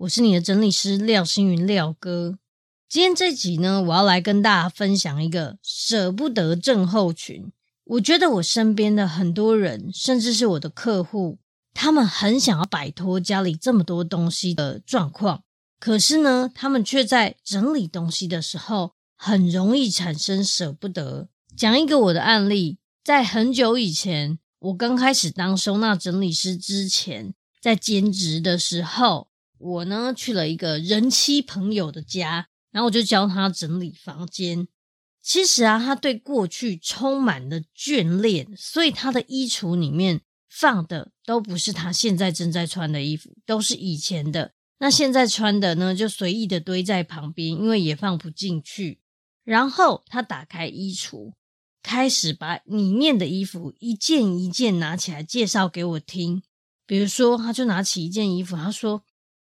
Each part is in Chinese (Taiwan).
我是你的整理師廖星雲廖哥。今天這集呢，我要來跟大家分享一個捨不得症候群。我覺得我身邊的很多人，甚至是我的客戶，他們很想要擺脫家裡這麼多東西的狀況，可是呢，他們卻在整理東西的時候很容易產生捨不得。講一個我的案例，在很久以前，我剛開始當收納整理師之前，在兼職的時候。我呢，去了一個人妻朋友的家，然後我就教他整理房間。其實啊，他對過去充滿了眷戀，所以他的衣櫥裡面放的都不是他現在正在穿的衣服，都是以前的。那現在穿的呢，就隨意的堆在旁邊，因為也放不進去。然後他打開衣櫥，開始把裡面的衣服一件一件拿起來介紹給我聽。比如說，他就拿起一件衣服，他說，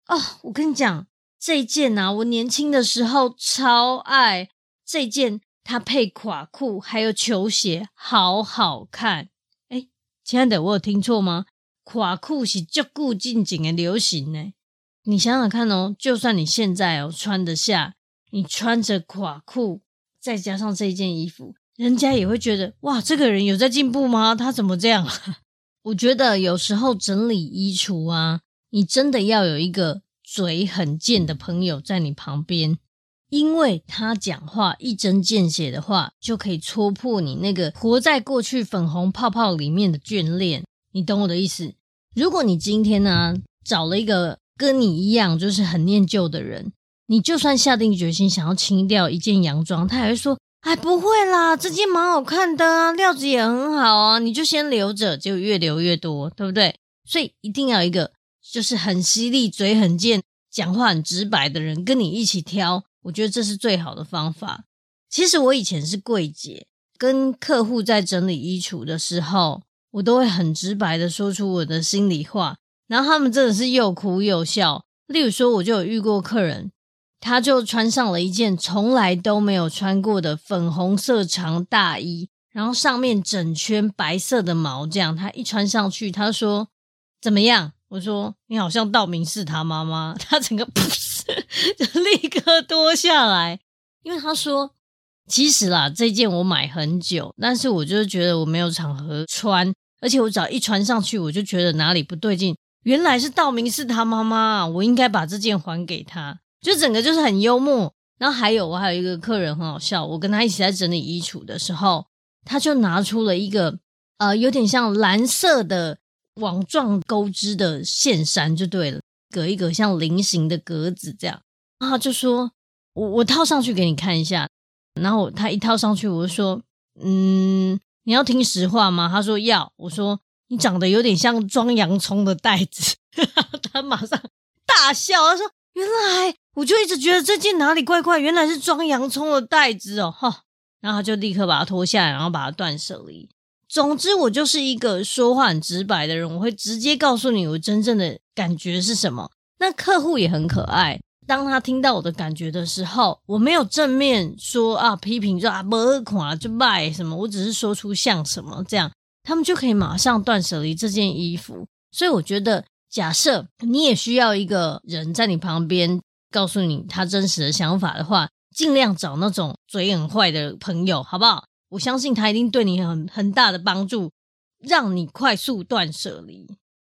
哦，我跟你講，這件吶、啊，我年輕的時候超愛這件，它配垮褲還有球鞋，好好看。哎、欸，親愛的，我有聽錯嗎？垮褲是足夠近景的流行呢？你想想看哦，就算你現在哦穿得下，你穿着垮褲再加上這件衣服，人家也會覺得哇，這個人有在進步嗎？他怎麼這樣？ 我覺得有時候整理衣櫥啊。你真的要有一個嘴很賤的朋友在你旁邊，因為他講話一針見血的話，就可以戳破你那個活在過去粉紅泡泡裡面的眷戀。你懂我的意思？如果你今天呢，啊，找了一個跟你一樣就是很念舊的人，你就算下定決心想要清掉一件洋裝，他還會說：“哎，不會啦，這件蠻好看的啊，料子也很好啊，你就先留着，就越留越多，對不對？”所以一定要一個。就是很犀利、嘴很賤、講話很直白的人跟你一起挑，我覺得這是最好的方法。其實我以前是櫃姐，跟客戶在整理衣櫥的時候，我都會很直白的說出我的心裡話，然後他們真的是又哭又笑。例如說，我就有遇過客人，他就穿上了一件從來都沒有穿過的粉紅色長大衣，然後上面整圈白色的毛，這樣他一穿上去，他說：“怎麼樣？”我說：“你好像道明寺他媽媽。”他整個噗，就立刻脫下來，因為他說：“其實啦，這件我買很久，但是我就是覺得我沒有場合穿，而且我只要一穿上去，我就覺得哪裡不對勁。原來是道明寺他媽媽啊，我應該把這件還給他。”就整個就是很幽默。然後還有我還有一個客人很好笑，我跟他一起在整理衣櫥的時候，他就拿出了一個呃，有點像藍色的。網狀鈎織的線衫就對了，隔一個像菱形的格子這樣啊，然後他就說我我套上去給你看一下，然後他一套上去我就說，嗯，你要聽實話嗎？他說要，我說你長得有點像裝洋蔥的袋子，哈哈，他馬上大笑，他說原來我就一直覺得這件哪裡怪怪，原來是裝洋蔥的袋子哦哈，然後他就立刻把它脫下來，然後把它斷捨離。總之，我就是一個說話很直白的人，我會直接告訴你我真正的感覺是什麼。那客戶也很可愛，當他聽到我的感覺的時候，我沒有正面說啊批評說啊不二款就賣什麼，我只是說出像什麼這樣，他們就可以馬上斷舍離這件衣服。所以我覺得，假設你也需要一個人在你旁邊告訴你他真實的想法的話，盡量找那種嘴很壞的朋友，好不好？我相信他一定對你很很大的幫助，讓你快速斷捨離。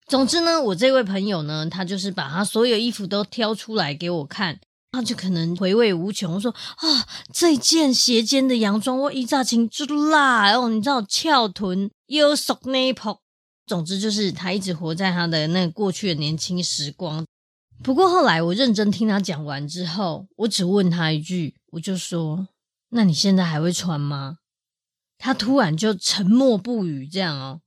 總之呢，我這位朋友呢，他就是把他所有衣服都挑出來給我看，他就可能回味無窮。說啊，這件斜肩的洋裝，我一乍情就辣！哦，然後你知道翹臀又熟那一泡。總之就是他一直活在他的那個過去的年輕時光。不過後來我認真聽他講完之後，我只問他一句，我就說：那你現在還會穿嗎？他突然就沉默不語。這樣哦，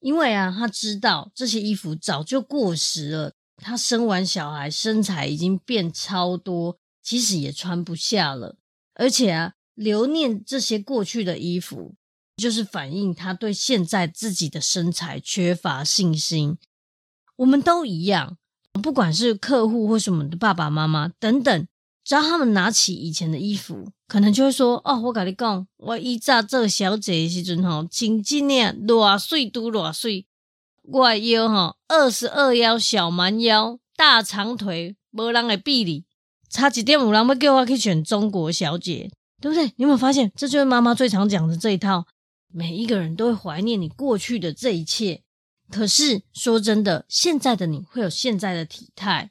因為啊，他知道這些衣服早就過時了。他生完小孩，身材已經變超多，其實也穿不下了。而且啊，留念這些過去的衣服，就是反映他對現在自己的身材缺乏信心。我們都一樣，不管是客戶或是我們的爸爸媽媽等等。只要他們拿起以前的衣服，可能就會說：“哦，我跟你講，我以這個小姐的時陣請緊幾年，偌水多偌水，我腰哈二十二腰，小蠻腰，大長腿，無人會比你差一點。有人要叫我去選中國小姐，對不對？你有沒有發現？這就是媽媽最常講的這一套。每一個人都會懷念你過去的這一切，可是說真的，現在的你會有現在的體態。”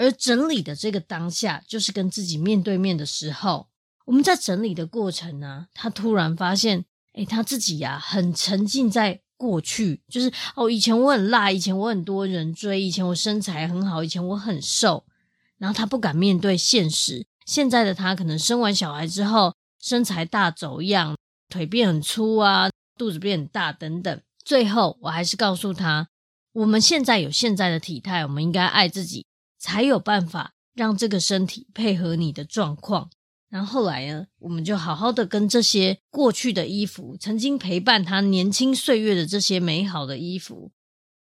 而整理的這個當下，就是跟自己面對面的時候。我們在整理的過程呢、啊，他突然發現，哎，他自己呀、啊，很沉浸在過去，就是哦，以前我很辣，以前我很多人追，以前我身材很好，以前我很瘦。然後他不敢面對現實，現在的他可能生完小孩之後，身材大走樣，腿變很粗啊，肚子變很大等等。最後，我還是告訴他，我們現在有現在的體態，我們應該愛自己。才有辦法讓這個身體配合你的狀況。然後後來呢，我們就好好的跟這些過去的衣服，曾經陪伴他年輕歲月的這些美好的衣服，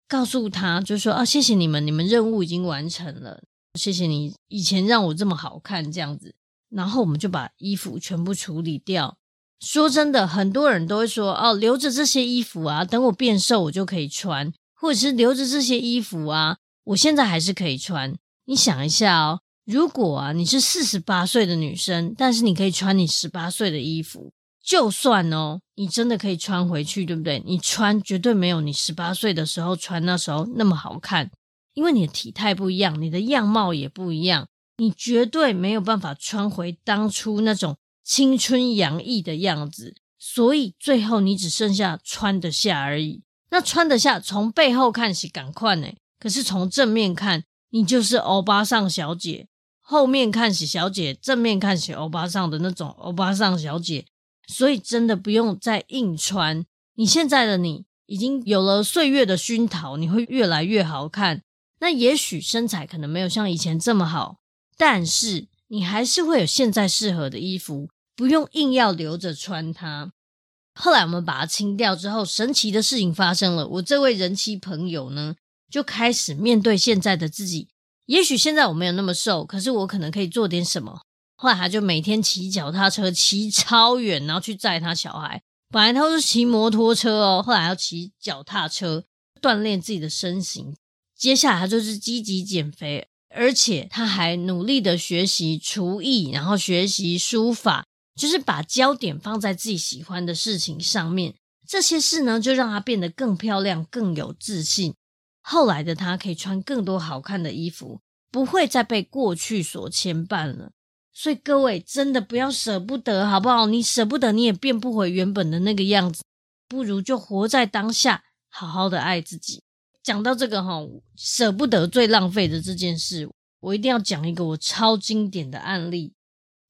告訴他，就是說啊，謝謝你們，你們任務已經完成了，謝謝你以前讓我這麼好看這樣子。然後我們就把衣服全部處理掉。說真的，很多人都會說哦，啊，留着這些衣服啊，等我變瘦我就可以穿，或者是留着這些衣服啊，我現在還是可以穿。你想一下哦，如果啊你是四十八歲的女生，但是你可以穿你十八歲的衣服，就算哦，你真的可以穿回去，對不對？你穿絕對沒有你十八歲的時候穿那時候那麼好看，因為你的體態不一樣，你的樣貌也不一樣，你絕對沒有辦法穿回當初那種青春洋溢的樣子。所以最後你只剩下穿得下而已。那穿得下，從背後看是趕快呢，可是從正面看。你就是歐巴桑小姐，後面看起小姐，正面看起歐巴桑的那種歐巴桑小姐，所以真的不用再硬穿。你現在的你已經有了歲月的熏陶你會越來越好看。那也許身材可能沒有像以前這麼好，但是你還是會有現在適合的衣服，不用硬要留着穿它。後來我們把它清掉之後，神奇的事情發生了。我這位人妻朋友呢，就開始面對現在的自己。也許現在我沒有那麼瘦，可是我可能可以做點什麼。後來他就每天騎腳踏車，騎超遠，然後去載他小孩。本來他是騎摩托車哦，後來要騎腳踏車，鍛鍊自己的身形。接下來他就是積極減肥，而且他還努力的學習廚藝，然後學習書法，就是把焦點放在自己喜歡的事情上面。這些事呢，就讓他變得更漂亮、更有自信。後來的他可以穿更多好看的衣服，不會再被過去所牽絆了。所以各位真的不要捨不得，好不好？你捨不得，你也變不回原本的那個樣子。不如就活在當下，好好的愛自己。講到這個齁，捨不得最浪費的這件事，我一定要講一個我超經典的案例。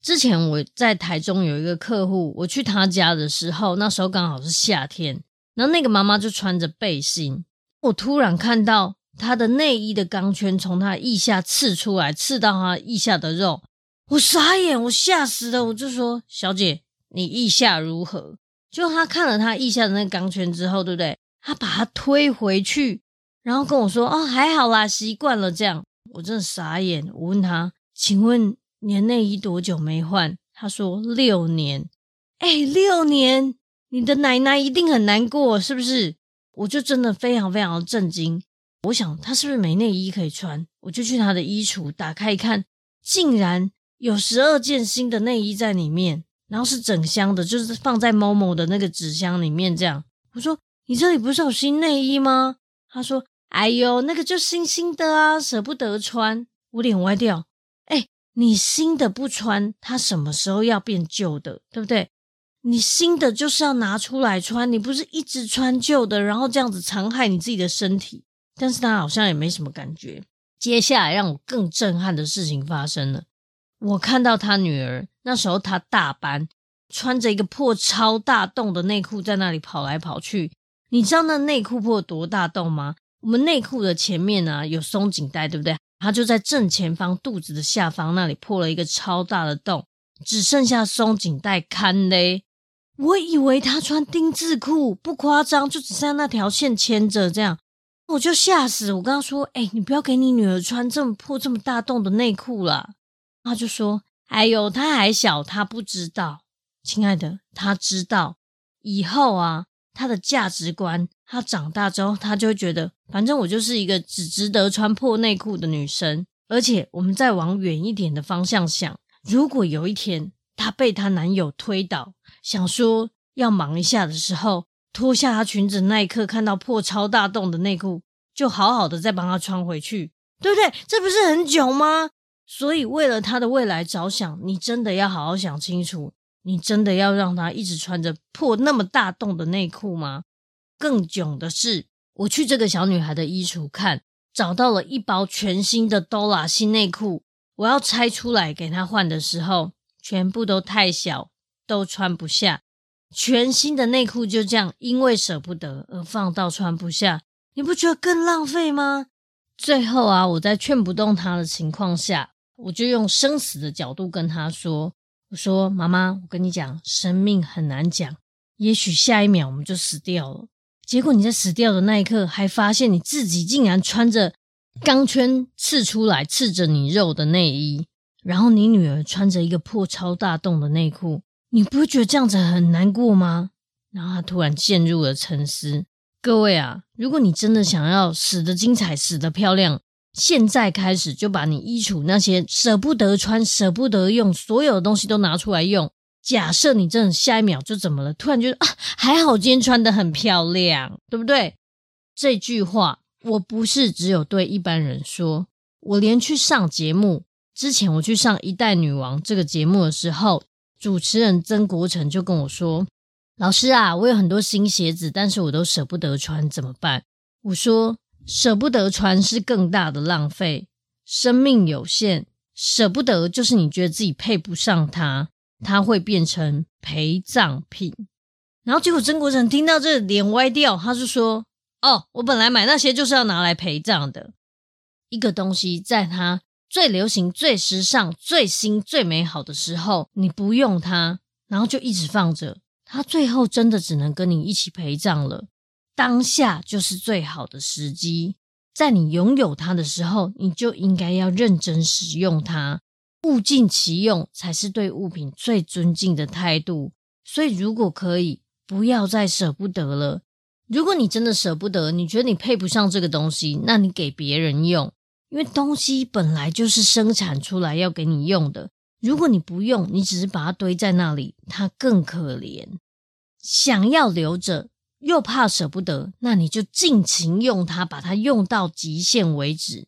之前我在台中有一個客戶，我去他家的時候，那時候剛好是夏天，然後那個媽媽就穿着背心。我突然看到他的內衣的鋼圈從他腋下刺出來，刺到他腋下的肉，我傻眼，我嚇死了。我就說：“小姐，你腋下如何？”就他看了他腋下的那個鋼圈之後，對不對？他把它推回去，然後跟我說：“哦，還好啦，習慣了這樣。”我真的傻眼。我問他：“請問你的內衣多久沒換？”他說：“六年。”哎，六年！你的奶奶一定很難過，是不是？我就真的非常非常的震驚，我想他是不是沒內衣可以穿？我就去他的衣櫥打開一看，竟然有十二件新的內衣在裡面，然後是整箱的，就是放在 momo 的那個紙箱裡面這樣。我說：“你這裡不是有新內衣嗎？”他說：“哎呦，那個就新新的啊，捨不得穿。”我臉歪掉，哎，你新的不穿，它什麼時候要變舊的，對不對？你新的就是要拿出來穿，你不是一直穿舊的，然後這樣子殘害你自己的身體。但是他好像也沒什麼感覺。接下來讓我更震撼的事情發生了，我看到他女兒那時候他大班，穿着一個破超大洞的內褲，在那裡跑來跑去。你知道那內褲破了多大洞嗎？我們內褲的前面啊有鬆緊帶，對不對？他就在正前方肚子的下方那裡破了一個超大的洞，只剩下鬆緊帶堪勒。我以為他穿丁字褲不誇張，就只在那條線牽着這樣，我就嚇死。我跟他說：“哎、欸，你不要給你女兒穿這麼破、這麼大洞的內褲啦。”他就說：“哎呦，他還小，他不知道。親愛的，他知道。以後啊，他的價值觀，他長大之後，他就會覺得，反正我就是一個只值得穿破內褲的女生。而且，我們再往遠一點的方向想，如果有一天他被他男友推倒。”想說要忙一下的時候，脫下她裙子那一刻，看到破超大洞的內褲，就好好的再幫她穿回去，對不對？這不是很囧嗎？所以為了她的未來着想，你真的要好好想清楚，你真的要讓她一直穿着破那麼大洞的內褲嗎？更囧的是，我去這個小女孩的衣櫥看，找到了一包全新的多拉新內褲，我要拆出來給她換的時候，全部都太小。都穿不下，全新的內褲就這樣，因為捨不得而放到穿不下，你不覺得更浪費嗎？最後啊，我在勸不動他的情況下，我就用生死的角度跟他說：“我說媽媽，我跟你講，生命很難講，也許下一秒我們就死掉了。結果你在死掉的那一刻，還發現你自己竟然穿着鋼圈刺出來、刺着你肉的內衣，然後你女兒穿着一個破超大洞的內褲。”你不會覺得這樣子很難過嗎？然後他突然陷入了沉思。各位啊，如果你真的想要死得精彩，死得漂亮，現在開始就把你衣櫥那些捨不得穿、舍不得用所有的東西都拿出來用。假設你真的下一秒就怎麼了，突然覺得啊，還好今天穿得很漂亮，對不對？這句話我不是只有對一般人說，我連去上節目之前，我去上《一代女王》這個節目的時候，主持人曾國城就跟我說：“老師啊，我有很多新鞋子，但是我都捨不得穿，怎麼辦？”我說：“捨不得穿是更大的浪費。生命有限，捨不得就是你覺得自己配不上它，它會變成陪葬品。”然後結果曾國城聽到這，臉歪掉，他就說：“哦，我本來買那些就是要拿來陪葬的，一個東西在他。”最流行、最時尚、最新、最美好的時候，你不用它，然後就一直放着，它最後真的只能跟你一起陪葬了。當下就是最好的時機，在你擁有它的時候，你就應該要認真使用它，物盡其用才是對物品最尊敬的態度。所以，如果可以，不要再捨不得了。如果你真的捨不得，你覺得你配不上這個東西，那你給別人用。因為東西本來就是生產出來要給你用的，如果你不用，你只是把它堆在那裡，它更可憐。想要留着，又怕舍不得，那你就盡情用它，把它用到極限為止。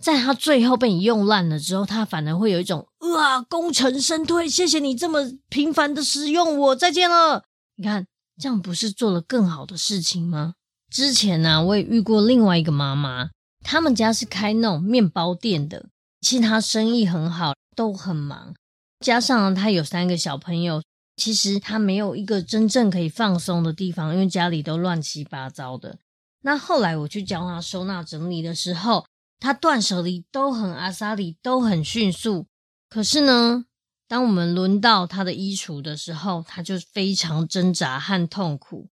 在它最後被你用爛了之後，它反而會有一種“哇，功成身退，謝謝你這麼頻繁的使用我，再見了。”你看，這樣不是做了更好的事情嗎？之前呢、啊，我也遇過另外一個媽媽。他們家是開那種麵包店的，其實他生意很好，都很忙。加上他有三個小朋友，其實他沒有一個真正可以放鬆的地方，因為家裡都亂七八糟的。那後來我去教他收納整理的時候，他斷捨離都很阿薩里，都很迅速。可是呢，當我們輪到他的衣櫥的時候，他就非常掙扎和痛苦，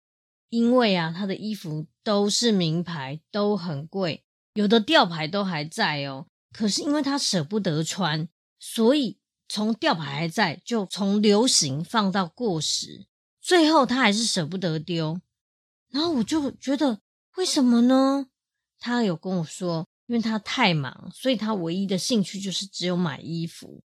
因為啊，他的衣服都是名牌，都很貴。有的吊牌都還在哦，可是因為他捨不得穿，所以從吊牌還在就從流行放到過時，最後他還是捨不得丟。然後我就覺得為什麼呢？他有跟我說，因為他太忙，所以他唯一的興趣就是只有買衣服，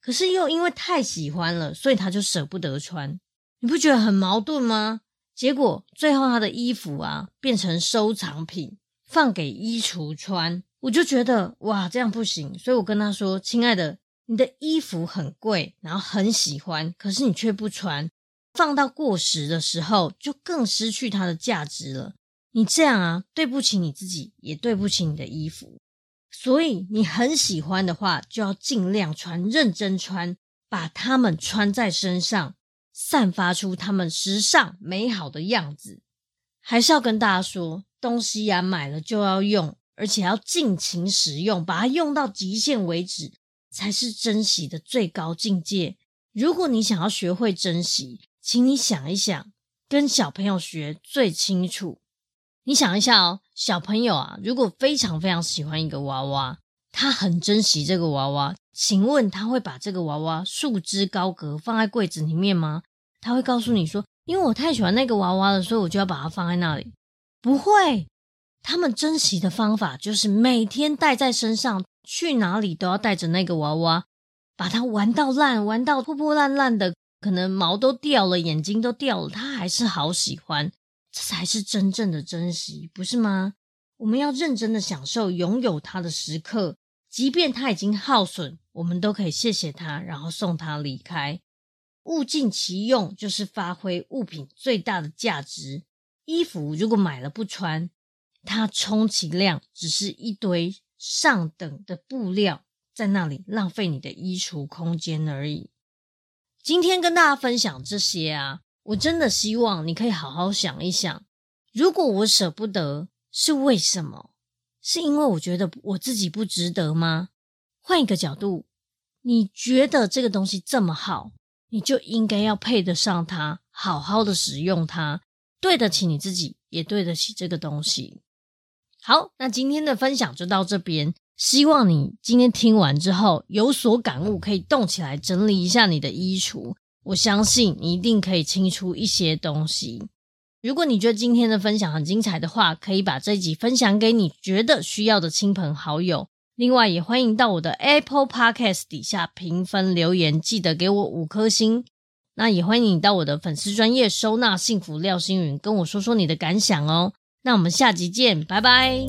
可是又因為太喜歡了，所以他就捨不得穿。你不覺得很矛盾嗎？結果最後他的衣服啊，變成收藏品。放給衣櫥穿，我就覺得哇，這樣不行。所以我跟他說：“親愛的，你的衣服很貴，然後很喜歡，可是你卻不穿，放到過時的時候，就更失去它的價值了。你這樣啊，對不起你自己，也對不起你的衣服。所以你很喜歡的話，就要盡量穿，認真穿，把它們穿在身上，散發出它們時尚美好的樣子。”還是要跟大家說。東西呀、啊，買了就要用，而且要盡情使用，把它用到極限為止，才是珍惜的最高境界。如果你想要學會珍惜，請你想一想，跟小朋友學最清楚。你想一下哦，小朋友啊，如果非常非常喜歡一個娃娃，他很珍惜這個娃娃，請問他會把這個娃娃束之高閣，放在櫃子裡面嗎？他會告訴你說：“因為我太喜歡那個娃娃了，所以我就要把它放在那裡。”不會，他們珍惜的方法就是每天帶在身上，去哪裡都要帶着那個娃娃，把它玩到爛，玩到破破爛爛的，可能毛都掉了，眼睛都掉了，他還是好喜歡，這才是真正的珍惜，不是嗎？我們要認真的享受擁有它的時刻，即便它已經耗損，我們都可以謝謝它，然後送它離開。物盡其用就是發揮物品最大的價值。衣服如果買了不穿，它充其量只是一堆上等的布料，在那裡浪費你的衣櫥空間而已。今天跟大家分享這些啊，我真的希望你可以好好想一想，如果我捨不得是為什麼？是因為我覺得我自己不值得嗎？換一個角度，你覺得這個東西這麼好，你就應該要配得上它，好好的使用它。對得起你自己，也對得起這個東西。好，那今天的分享就到這邊。希望你今天聽完之後有所感悟，可以動起來整理一下你的衣櫥。我相信你一定可以清出一些東西。如果你覺得今天的分享很精彩的話，可以把這一集分享給你覺得需要的親朋好友。另外，也歡迎到我的 Apple Podcast 底下評分留言，記得給我五顆星。那也歡迎你到我的粉絲專頁收納幸福廖星云跟我說說你的感想哦。那我們下集見，拜拜。